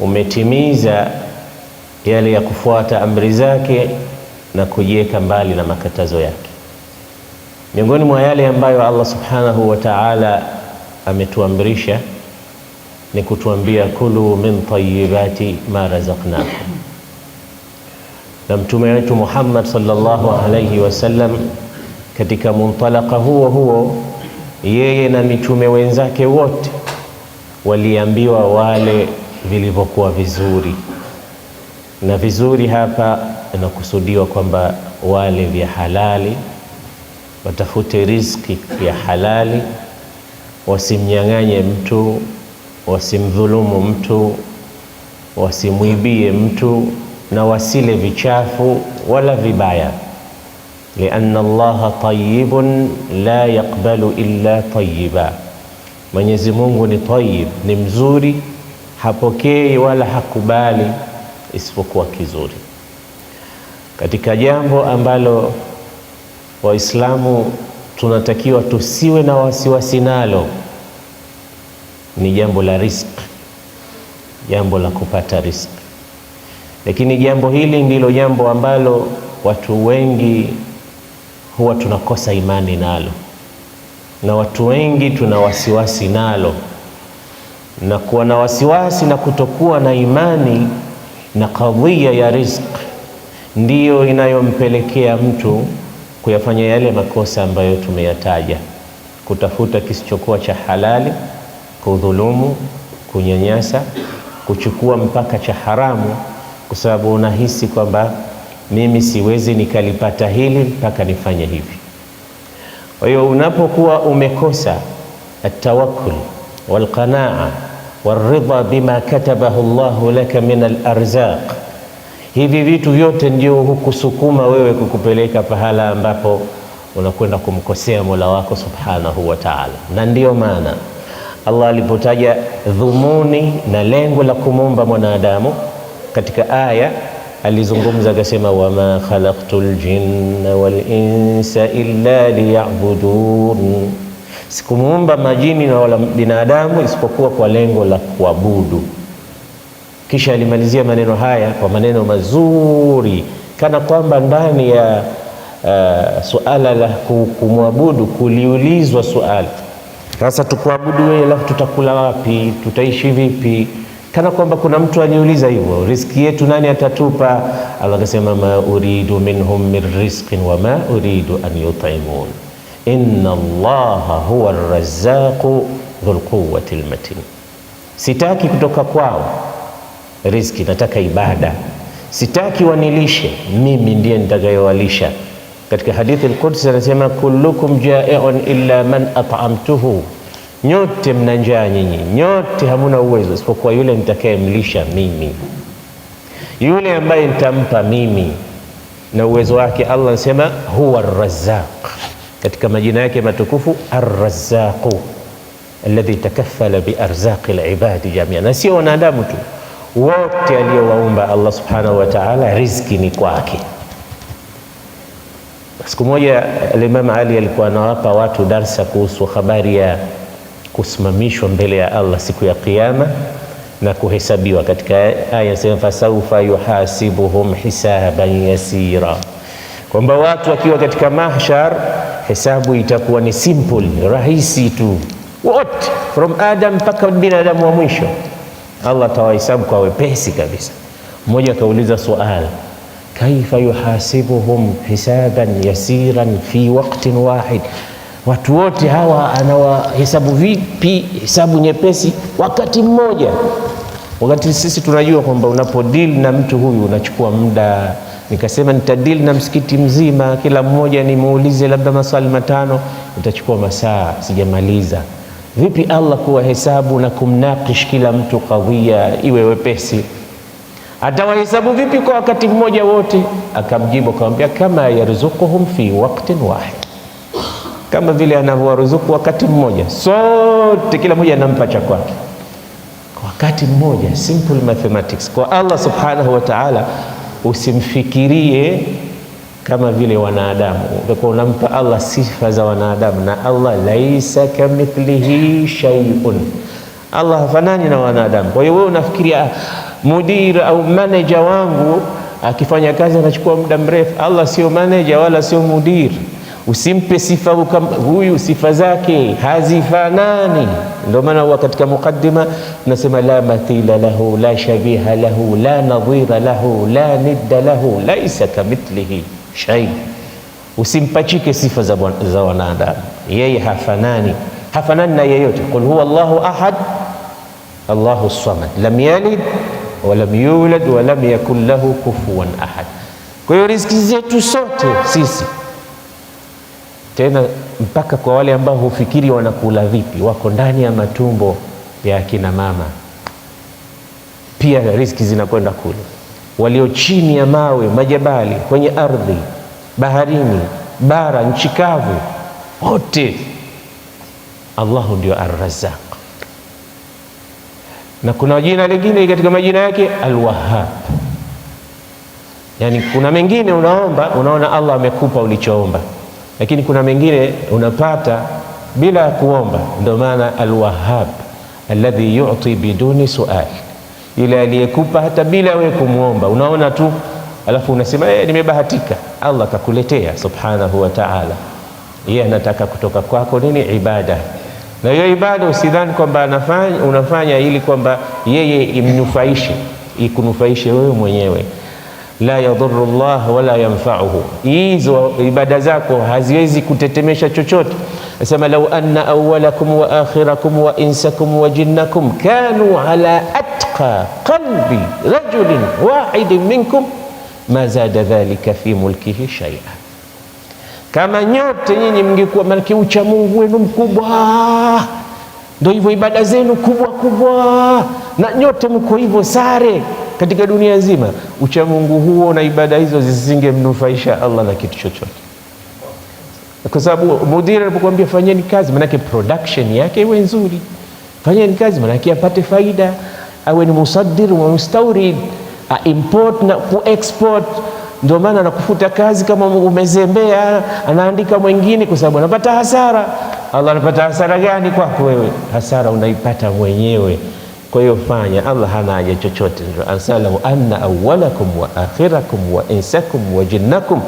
umetimiza yale ya kufuata amri zake na kujiweka mbali na makatazo yake. Miongoni mwa yale ambayo Allah subhanahu wa ta'ala ametuamrisha ni kutuambia kulu min tayyibati ma razaqnakum, na mtume wetu Muhammad sallallahu alayhi wasallam katika muntalaka huo huo, yeye na mitume wenzake wote waliambiwa wale vilivyokuwa vizuri, na vizuri hapa inakusudiwa kwamba wale vya halali, watafute riziki ya halali, wasimnyang'anye mtu, wasimdhulumu mtu, wasimwibie mtu, na wasile vichafu wala vibaya. Lianna Allaha tayyibun la yaqbalu illa tayyiba, Mwenyezi Mungu ni tayyib, ni mzuri hapokei wala hakubali isipokuwa kizuri. Katika jambo ambalo Waislamu tunatakiwa tusiwe na wasiwasi nalo ni jambo la riziki, jambo la kupata riziki. Lakini jambo hili ndilo jambo ambalo watu wengi huwa tunakosa imani nalo na watu wengi tuna wasiwasi nalo na kuwa na wasiwasi na kutokuwa na imani na kadhia ya rizq ndiyo inayompelekea mtu kuyafanya yale makosa ambayo tumeyataja: kutafuta kisichokuwa cha halali, kudhulumu, kunyanyasa, kuchukua mpaka cha haramu, kwa sababu unahisi kwamba mimi siwezi nikalipata hili mpaka nifanye hivi. Kwa hiyo unapokuwa umekosa atawakul walqanaa waridha bima katabahu llahu laka min alarzaq. Hivi vitu vyote ndio hukusukuma wewe kukupeleka pahala ambapo unakwenda kumkosea Mola wako subhanahu wa taala. Na ndiyo maana Allah alipotaja dhumuni na lengo la kumuomba mwanadamu katika aya alizungumza akasema, wama khalaqtul jinna wal insa illa liya'budun Sikumuumba majini na wala binadamu isipokuwa kwa lengo la kuabudu. Kisha alimalizia maneno haya kwa maneno mazuri, kana kwamba ndani ya uh, suala la kumwabudu kuliulizwa suala, sasa tukuabudu wewe, alafu tutakula wapi? Tutaishi vipi? Kana kwamba kuna mtu aliuliza hivyo, riski yetu nani atatupa? Allah akasema, ma uridu minhum min rizqin wama uridu an yut'imun inna llaha huwa arrazzaqu dhul quwwati almatin. Sitaki kutoka kwao riziki, nataka ibada. Sitaki wanilishe, mimi ndiye nitakayowalisha. Katika hadithi al anasema kullukum ja'i'un illa man at'amtuhu, nyote mna njaa nyinyi, nyote hamuna uwezo isipokuwa yule nitakayemlisha mimi, yule ambaye nitampa mimi, na uwezo wake Allah anasema huwa razzaq katika majina yake matukufu Arrazzaqu alladhi takaffala biarzaqi alibadi jamia, na sio wanadamu tu, wote aliyowaumba Allah subhanahu wa ta'ala, riziki ni kwake. Siku moja Imam Ali alikuwa anawapa watu darsa kuhusu habari ya kusimamishwa mbele ya Allah siku ya Kiyama na kuhesabiwa katika aya sema, fasaufa yuhasibuhum hisaban yasira, kwamba watu wakiwa katika mahshar hesabu itakuwa ni simple rahisi tu, wote from Adam mpaka binadamu wa mwisho, Allah atawahesabu kwa wepesi kabisa. Mmoja akauliza sual, kaifa yuhasibuhum hisaban yasiran fi waqtin wahid, watu wote hawa anawahesabu vipi hesabu nyepesi wakati mmoja? Wakati sisi tunajua kwamba unapodeal na mtu huyu unachukua muda. Nikasema nitadil na msikiti mzima, kila mmoja nimuulize labda maswali matano, nitachukua masaa sijamaliza. Vipi Allah kuwa hesabu na kumnakish kila mtu kadhia iwe wepesi? Atawahesabu vipi kwa wakati mmoja wote? Akamjibu akamwambia, kama yarzuquhum fi waqtin wahid, kama vile anavyowaruzuku wakati mmoja sote, kila mmoja anampa cha kwake wakati mmoja. Simple mathematics kwa Allah subhanahu wa ta'ala, usimfikirie kama vile wanadamu. Utakuwa unampa Allah sifa za wanadamu, na Allah laisa kamithlihi shay'un, Allah hafanani na wanadamu. Kwa hiyo wewe unafikiria mudiri au manager wangu akifanya kazi anachukua muda mrefu. Allah sio manager wala sio mudiri Usimpe sifa huyu, sifa zake hazifanani. Ndio maana huwa katika muqaddima tunasema la mathila lahu la shabiha lahu la nadhira lahu la nidda lahu laisa kamithlihi shay. Usimpachike sifa za, za wanadamu, yeye hafanani, hafanani na yeyote. Qul huwa Allahu ahad Allahu samad lam yalid walam yulad walam yakun lahu kufuwan ahad. Kwa hiyo riziki zetu sote sisi tena mpaka kwa wale ambao hufikiri wanakula vipi, wako ndani ya matumbo ya akina mama, pia riski zinakwenda kule. Walio chini ya mawe, majabali, kwenye ardhi, baharini, bara, nchi kavu, wote Allahu ndio Arrazaq, na kuna jina lingine katika majina yake Alwahab. Yani kuna mengine unaomba, unaona Allah amekupa ulichoomba lakini kuna mengine unapata bila ya kuomba. Ndio maana alwahab alladhi yu'ti biduni sual, ile aliyekupa hata bila wewe kumwomba. Unaona tu alafu unasema hey, eh, nimebahatika. Allah kakuletea subhanahu wa ta'ala, yeye anataka kutoka kwako nini? Ibada. Na hiyo ibada usidhani kwamba unafanya ili kwamba yeye imnufaishe, ikunufaishe wewe mwenyewe la yadhuru Allah wala yanfauhu, hizo ibada zako haziwezi kutetemesha chochote. Asema lau anna awwalakum wa akhirakum wa insakum wa jinnakum kanu ala atqa qalbi rajulin wahidin minkum ma zada dhalika fi mulkihi shay'a, kama nyote nyinyi mngekuwa, maanake ucha Mungu wenu mkubwa ndio hivyo, ibada zenu kubwa kubwa, na nyote mko hivyo sare katika dunia nzima, uchamungu huo na ibada hizo zisingemnufaisha Allah na kitu chochote, kwa sababu mudiri anapokuambia fanyeni kazi, manake production yake iwe nzuri. Fanyeni kazi, manake apate faida, awe ni musaddir wa mustaurid, import na export. ndio maana anakufuta kazi kama umezembea, anaandika mwingine kwa sababu anapata hasara. Allah anapata hasara gani kwako wewe? Hasara unaipata mwenyewe. Kwa hiyo fanya, Allah hana haja chochote, ndio anasema wa anna awwalakum wa akhirakum wa insakum wa jinnakum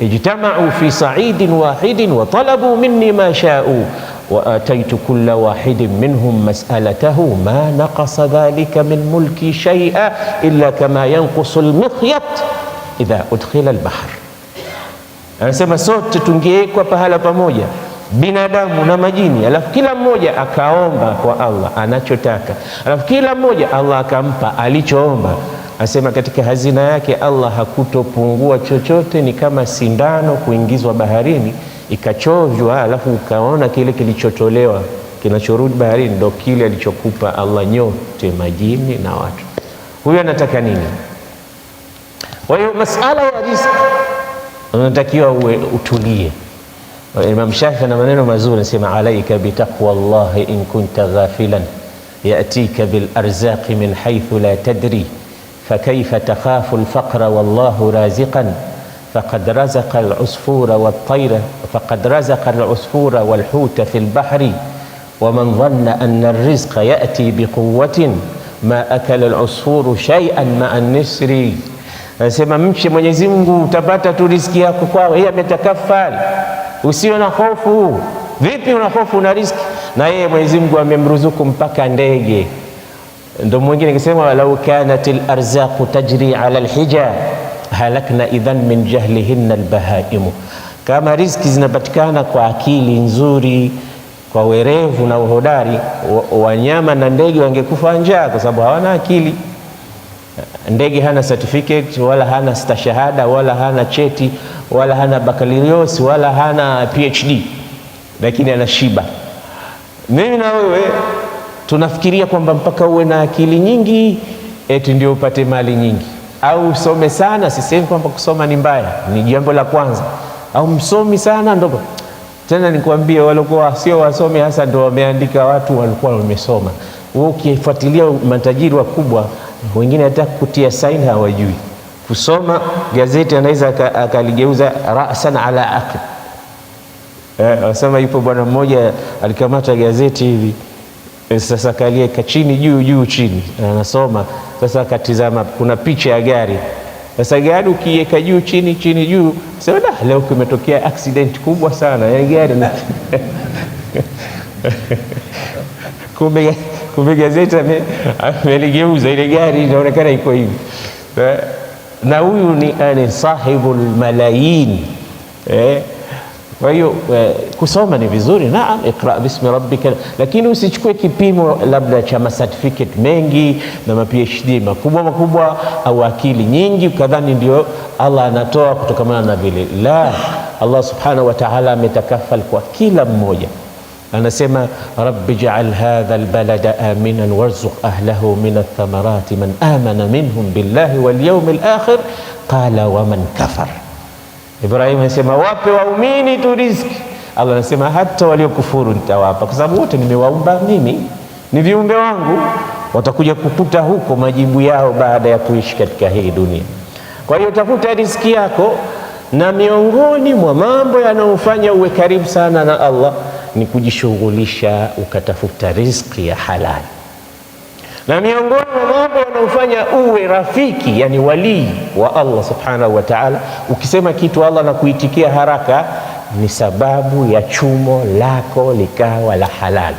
ijtamau fi sa'idin wahidin wa talabu minni ma sha'u wa ataitu kulla wahidin minhum mas'alatahu ma naqasa dhalika min mulki shay'a illa kama yanqusu al almikhyat idha udkhila al-bahr Anasema sote tungeekwa pahala pamoja binadamu na majini, alafu kila mmoja akaomba kwa Allah anachotaka, alafu kila mmoja Allah akampa alichoomba. Asema katika hazina yake Allah hakutopungua chochote, ni kama sindano kuingizwa baharini ikachovjwa, alafu ukaona kile kilichotolewa kinachorudi baharini ndo kile alichokupa Allah nyote, majini na watu. Huyu anataka nini? Kwa hiyo masala ya riziki unatakiwa uwe utulie Imam Shafi na maneno mazuri anasema, alaika bitaqwa llahi in kunta ghafilan yatika bilarzaqi min haithu la tadri fakaifa takhafu lfaqra wallahu raziqan faqad razaqa alusfura waltayra faqad razaqa alusfura walhuta fi lbahri waman dhanna anna arrizqa yati biquwatin ma akala alusfuru shay'an maa nisri, anasema mche Mwenyezi Mungu utapata tu riziki yako kwao, hiya ametakafal usiwe na hofu. Vipi una hofu na riski? Na yeye Mwenyezi Mungu amemruzuku mpaka ndege. Ndo mwingine kisema lau kanat larzaqu tajri ala lhija halakna idhan min jahlihinna albahaimu, kama riski zinapatikana kwa akili nzuri, kwa werevu na uhodari, wanyama na ndege wangekufa njaa, kwa sababu hawana akili. Ndege hana certificate wala hana stashahada wala hana cheti wala hana bakalirios wala hana PhD, lakini ana shiba Mimi na wewe tunafikiria kwamba mpaka uwe na akili nyingi eti ndio upate mali nyingi, au usome sana. Sisemi kwamba kusoma ni mbaya, ni jambo la kwanza, au msomi sana ndogo tena nikwambie, walikuwa sio wasomi hasa ndio wameandika watu walikuwa wamesoma. Wewe ukifuatilia matajiri wakubwa wengine hata kutia saini hawajui kusoma gazeti anaweza akaligeuza rasan ala akl. Eh, anasema yupo bwana mmoja alikamata gazeti hivi eh, sasa akalieka chini juu juu chini, anasoma sasa, akatizama kuna picha ya gari. Sasa gari ukiweka juu chini chini juu, sema leo kumetokea accident kubwa sana ya gari kumbe kumbe, gazeti ameligeuza ile gari inaonekana iko hivi eh, na huyu ni ani sahibu lmalayin eh. Kwa hiyo eh, kusoma ni vizuri, naam, iqra bismi rabbika, lakini usichukue kipimo labda cha masertificate mengi na maphd makubwa makubwa au akili nyingi kadhani ndio Allah anatoa kutokamana na vile. La, Allah subhanahu wa ta'ala ametakafal kwa kila mmoja. أنا سمع رب اجعل هذا البلد آمنا وارزق أهله من الثمرات من آمن منهم بالله واليوم الآخر قال ومن كفر إبراهيم سمع واب وأميني ترزق الله سمع حتى وليو كفور انت واب كسابه تنمي وأمبا ميمي نفيهم بوانغو watakuja kukuta huko majibu yao baada ya kuishi katika hii dunia. Kwa hiyo utakuta riziki yako, na miongoni mwa mambo yanayofanya uwe karibu sana na Allah ni kujishughulisha ukatafuta riziki ya halali, na miongoni mwa mambo wanaofanya uwe rafiki, yani walii wa Allah subhanahu wa ta'ala, ukisema kitu Allah na kuitikia haraka, ni sababu ya chumo lako likawa la halali.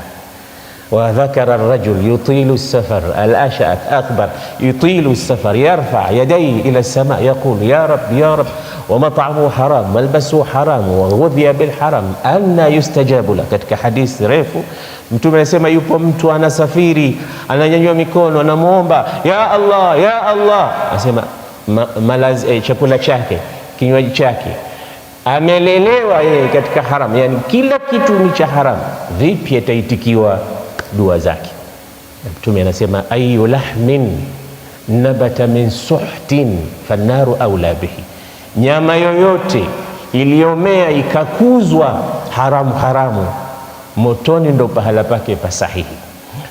Wa dhakara rajul yutilu safar al-ash'ath akbar yutilu safar yarfa yadayhi ila as-sama yaqul ya rab ya rab wa mat'amu haram walbasuhu haram wa ghudhiya anna yustajabu la. Katika hadithi refu Mtume anasema yupo mtu anasafiri, ananyanyua mikono, anamwomba ya Allah, ya Allah, anasema malazi, eh, chakula chake, kinywaji chake amelelewa yeye katika haram, yani kila kitu ni cha haram. Vipi ataitikiwa dua zake? Mtume anasema ayu lahmin nabata min suhtin fannaru aula bihi nyama yoyote iliyomea ikakuzwa haramu haramu, motoni ndo pahala pake pasahihi.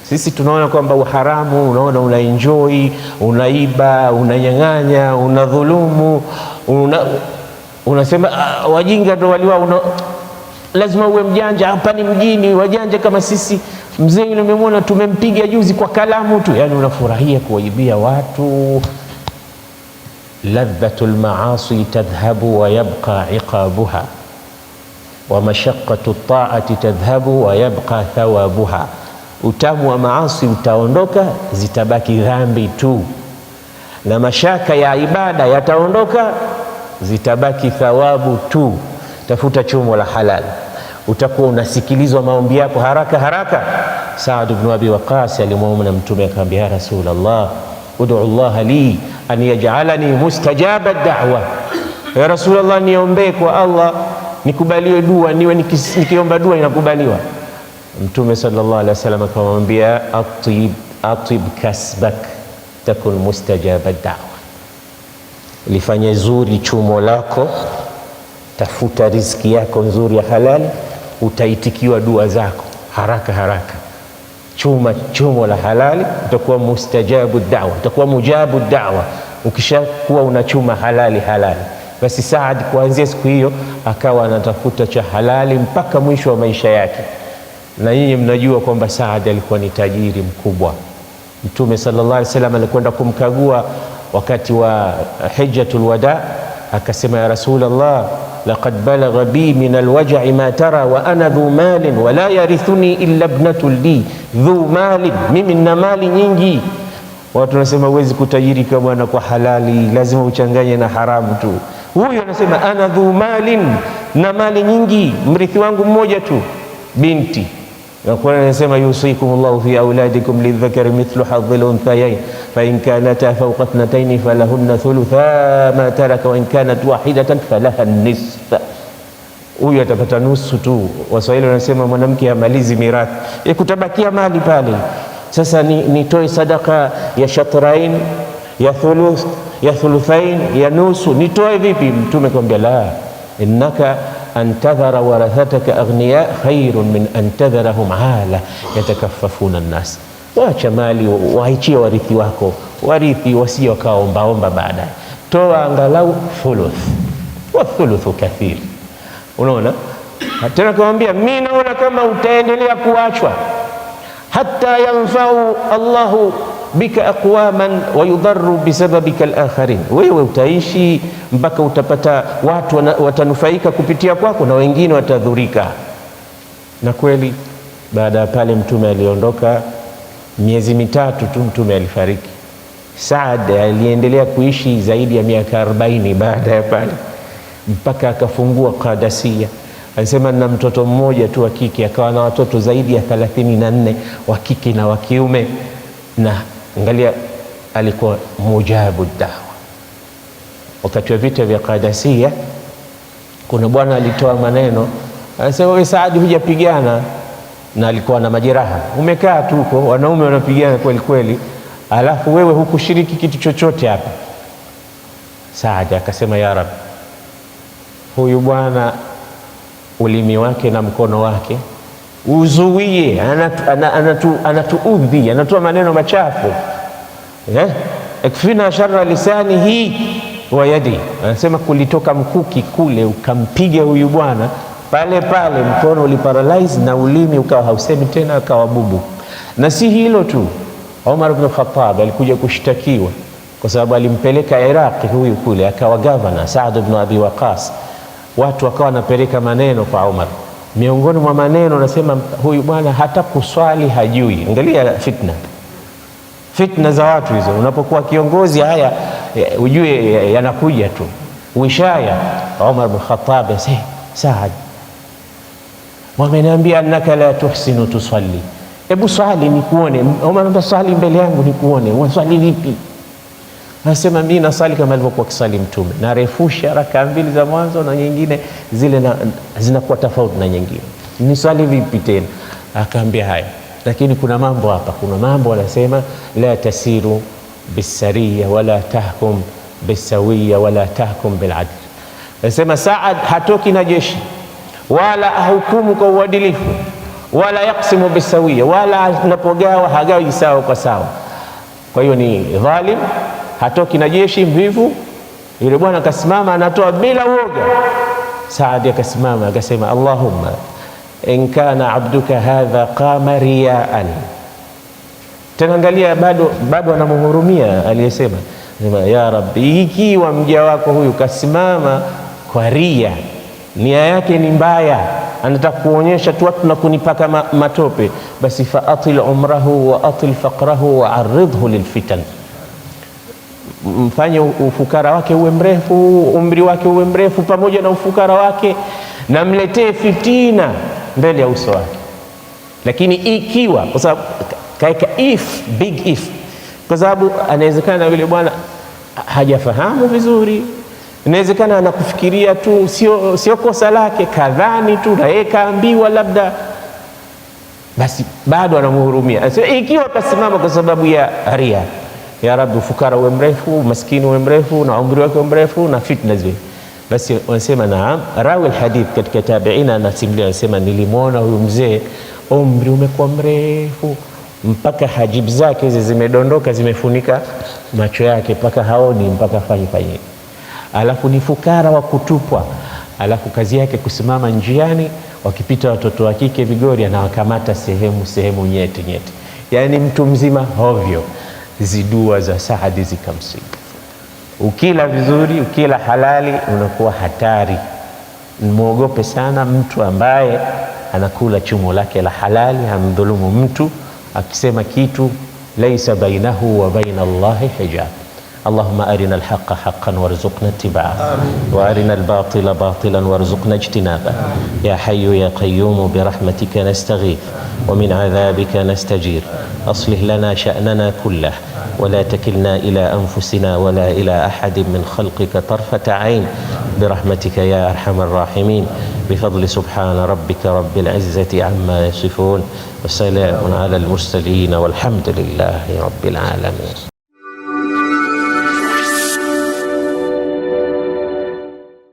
Sisi tunaona kwamba uharamu, unaona unaenjoi, unaiba, unanyang'anya, unadhulumu, una, unasema uh, wajinga ndo waliwa una, lazima uwe mjanja. Hapa ni mjini, wajanja kama sisi. Mzee yule umemwona, tumempiga juzi kwa kalamu tu, yani unafurahia kuwaibia watu ladhatu lmaasi tadhhabu wa yabqa iqabuha wa mashaqqatu taati tadhhabu wa thawabuha, utamu wa maasi utaondoka, zitabaki dhambi tu, na mashaka ya ibada yataondoka, zitabaki thawabu tu. Tafuta chumo la halal, utakuwa unasikilizwa maombi yako haraka haraka. Saad bnu abi Waqas alimwomba Mtume akamwambia, ya Rasulullah, ud'u llaha li an yajalani mustajaba da'wa. Ya Rasulullah, niombee kwa Allah nikubaliwe dua, niwe nikiomba dua inakubaliwa. Mtume sallallahu alaihi wasallam akamwambia atib, atib kasbak takun mustajaba da'wa, lifanye zuri chumo lako, tafuta riziki yako nzuri ya halali, utaitikiwa dua zako haraka haraka chuma chumo la halali, utakuwa mustajabu da'wa, utakuwa mujabu da'wa ukishakuwa unachuma halali halali, basi Saad kuanzia siku hiyo akawa anatafuta cha halali mpaka mwisho wa maisha yake. Na nyinyi mnajua kwamba Saad alikuwa ni tajiri mkubwa. Mtume sallallahu alaihi wasallam alikwenda kumkagua wakati wa hijjatul wada, akasema ya Rasulullah laqad balagha bi min alwajai ma tara wa ana dhu malin wala yarithuni illa ibnatu li dhu malin, mimi nina mali nyingi Watu wanasema huwezi kutajirika bwana kwa halali, lazima uchanganye na haramu tu. Huyu anasema ana dhu malin, na mali nyingi, mrithi wangu mmoja tu, binti yusikum yusikumullahu fi auladikum lidhakari mithlu hadhil unthayayn fa in kanata fawqa ithnatayn falahunna thulutha ma taraka wa kanat wahidatan falaha nisf. Huyu atapata nusu tu. Waswahili wanasema mwanamke amalizi mirathi, ikutabakia mali pale sasa nitoe ni sadaka ya shatrain ya thuluth ya thuluthain ya nusu, nitoe vipi? Mtume kwambia la innaka antadhara warathataka aghniya khairun min antadharahum ala yatakaffafuna nnas, wacha mali waachie warithi wako, warithi wasio wakaombaomba baadaye. Toa angalau thuluth wa thuluthu kathir. Unaona tena, kawambia mi naona kama utaendelea kuachwa hatta yanfau Allahu bika aqwaman wa yudharu bisababika alakharin, wewe utaishi mpaka utapata watu watanufaika kupitia kwako na wengine watadhurika. Na kweli baada ya pale mtume aliondoka, miezi mitatu tu mtume alifariki. Saad aliendelea kuishi zaidi ya miaka 40 baada ya pale mpaka akafungua Qadasiyah. Alisema na mtoto mmoja tu wa kike, akawa na watoto zaidi ya thelathini na nne wa kike na wa kiume, na angalia, alikuwa mujabu dawa. Wakati wa vita vya Qadasiya, kuna bwana alitoa maneno, anasema wewe Saadi, hujapigana na alikuwa na majeraha, umekaa tu huko, wanaume wanapigana kweli kweli, alafu wewe hukushiriki kitu chochote hapa. Saadi akasema ya Rabbi, huyu bwana ulimi wake na mkono wake uzuie, anatuudhi anatu, anatu, anatoa maneno machafu eh? Ikfina shara lisanihi wa yadi, anasema kulitoka mkuki kule ukampiga huyu bwana pale pale, mkono uliparalyze na ulimi ukawa hausemi tena, akawa bubu. Na si hilo tu, Omar bin Khattab alikuja kushtakiwa kwa sababu alimpeleka Iraqi huyu kule, akawa governor Saad bin Abi Waqas watu wakawa wanapeleka maneno kwa Umar. Miongoni mwa maneno nasema, huyu bwana hata kuswali hajui. Angalia fitna, fitna za watu hizo. Unapokuwa kiongozi, haya eh, ujue eh, yanakuja tu. Wishaya Umar bin Khattab, eh, Saad, wameniambia annaka la tuhsinu tusalli, ebu swali nikuone. Umar, swali mbele yangu nikuone, swali vipi? Nasema mimi nasali kama alivyokuwa kisali Mtume, narefusha raka mbili za mwanzo na nyingine zile na, zinakuwa tofauti na nyingine. Nisali vipi tena? Akaambia haya, lakini kuna mambo hapa, kuna mambo anasema, la tasiru bisaria wala tahkum bisawiya wala tahkum biladl. Anasema Saad hatoki na jeshi wala ahukumu kwa uadilifu wala yaksimu bisawiya, wala anapogawa hagawi sawa kwa sawa. Kwa hiyo ni dhalim hatoki na jeshi mvivu. Yule bwana akasimama anatoa bila uoga. Saadi akasimama akasema, Allahumma in kana abduka hadha qama riyaan. Tena angalia, bado bado anamhurumia aliyesema, ya Rabbi, ikiwa mja wako huyu kasimama kwa ria, nia yake ni mbaya, anataka kuonyesha tu watu na kunipaka matope, basi faatil umrahu wa atil faqrahu wa aridhu lilfitan mfanye ufukara wake uwe mrefu, umri wake uwe mrefu pamoja na ufukara wake, na mletee fitina mbele ya uso wake. Lakini ikiwa kwa sababu kaeka if big if, kwa sababu anawezekana yule bwana hajafahamu vizuri, inawezekana anakufikiria tu, sio sio kosa lake, kadhani tu na yeye kaambiwa labda basi, bado anamhurumia. So, ikiwa kasimama kwa sababu ya ria ya Rabbi, ufukara uwe mrefu, umaskini uwe mrefu, na umri wake uwe mrefu, na fitna ziwe basi. Wanasema na rawi alhadith katika tabiina anasimulia, anasema nilimwona huyu mzee umri umekuwa mrefu mpaka hajib zake hizi zimedondoka zimefunika macho yake mpaka haoni mpaka fanye fanye, alafu ni fukara wa kutupwa, alafu kazi yake kusimama njiani, wakipita watoto wa kike vigori anawakamata sehemu sehemu, nyeti nyeti, yaani mtu mzima hovyo zidua za Saadi zikamsibu. Ukila vizuri, ukila halali unakuwa hatari. Mwogope sana mtu ambaye anakula chumo lake la halali, amdhulumu mtu, akisema kitu laisa bainahu wa baina Allahi hijab اللهم أرنا الحق حقا وارزقنا اتباعه وأرنا الباطل باطلا وارزقنا اجتنابه يا حي يا قيوم برحمتك نستغيث ومن عذابك نستجير أصلح لنا شأننا كله ولا تكلنا إلى أنفسنا ولا إلى أحد من خلقك طرفة عين برحمتك يا أرحم الراحمين بفضل سبحان ربك رب العزة عما يصفون وسلام على المرسلين والحمد لله رب العالمين